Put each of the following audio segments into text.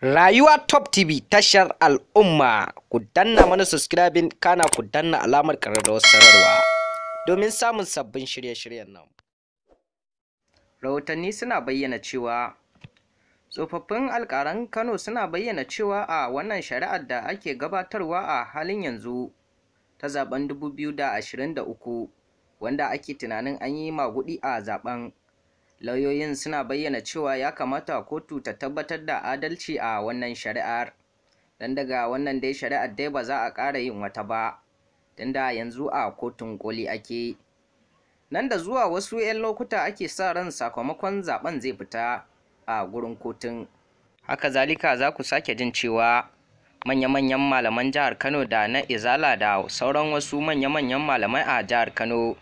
Rayuwa Top TV tashar al'umma ku danna mana subscribing kana ku danna alamar ƙararrawar sanarwa domin samun sabbin shirye-shiryen nan. Rahotanni suna bayyana cewa tsofaffin alƙaran Kano suna bayyana cewa a wannan shari'ar da ake gabatarwa a halin yanzu ta zaben 2023 wanda ake tunanin an yi magudi a zaben lauyoyin suna bayyana cewa ya kamata kotu ta tabbatar da adalci a wannan shari'ar don daga wannan dai shari'ar dai ba za a ƙara yin wata ba tunda yanzu a kotun koli ake nan da zuwa wasu 'yan lokuta ake sa ran sakamakon zaben zai fita a gurin kotun haka zalika za ku sake jin cewa manya-manyan malaman jihar kano da na izala da sauran wasu manya-manyan malamai a jihar kano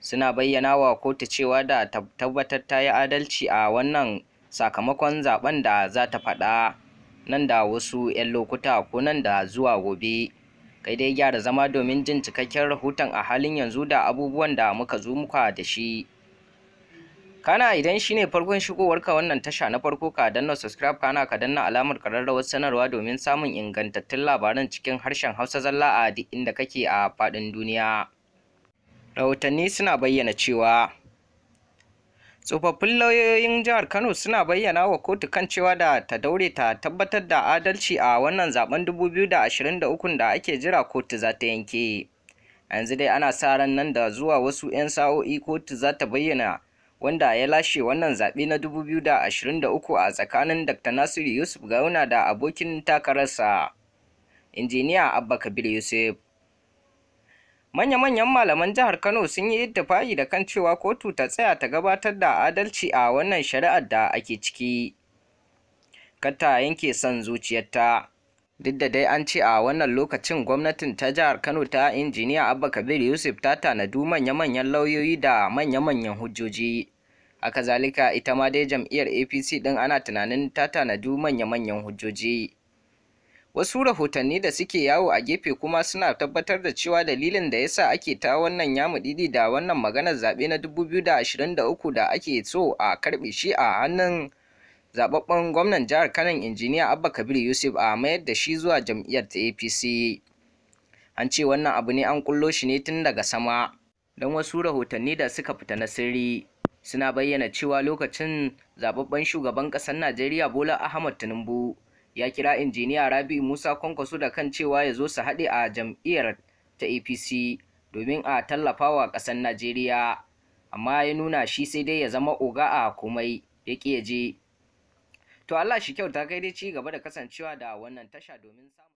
suna bayyana wa kotu cewa da tabbatar ta yi adalci a wannan sakamakon zaben da za ta faɗa nan da wasu 'yan lokuta ko nan da zuwa gobe kai dai gyara zama domin jin cikakken rahoton a halin yanzu da abubuwan da muka zo muka da shi kana idan shine farkon shigowarka wannan tasha na farko ka danna subscribe kana ka danna alamar kararrawar sanarwa domin samun ingantattun labaran cikin harshen hausa zalla a duk inda kake a faɗin duniya rahotanni suna bayyana cewa tsofaffin lauyoyin jihar kano suna bayyana wa kotu kan cewa da ta daure ta tabbatar da adalci a wannan zaben 2023 da ake jira kotu za ta yanke yanzu dai ana sa ran nan da zuwa wasu 'yan sa'o'i kotu za ta bayyana wanda ya lashe wannan zaɓe na 2023 a tsakanin dr nasiru yusuf gauna da abokin takararsa injiniya abba kabir yusuf manya-manyan malaman jihar kano sun yi ittifaƙi da kan cewa kotu ta tsaya ta gabatar da adalci a wannan shari'ar da ake ciki kata yanke son zuciyarta duk da dai an ce a wannan lokacin gwamnatin ta jihar kano ta injiniya abba kabir yusuf ta tanadu manya-manyan lauyoyi da manya-manyan hujjoji haka zalika ita ma dai jam'iyyar apc din ana tunanin ta tanadu manya-manyan hujjoji Wasu rahotanni da suke yawo a gefe kuma suna tabbatar da cewa dalilin da yasa ake ta wannan yamudidi da wannan maganar zaɓe na 2023 da ake so a karɓe shi a hannun zababben gwamnan jihar Kano injiniya Abba Kabir Yusuf a mayar da shi zuwa jam'iyyar APC. An ce wannan abu ne an kullo shi ne tun daga sama. Don wasu rahotanni da suka fita na sirri suna bayyana cewa lokacin zababben shugaban ƙasar Najeriya Bola Ahmad Tinubu ya kira injiniya rabi musa kwankwaso da kan cewa ya zo su haɗe a jam'iyyar ta apc domin a tallafa wa ƙasar najeriya amma ya nuna shi sai dai ya zama oga a komai ya ƙi ya je to allah shi kyauta kai dai ci gaba da kasancewa da wannan tasha domin samun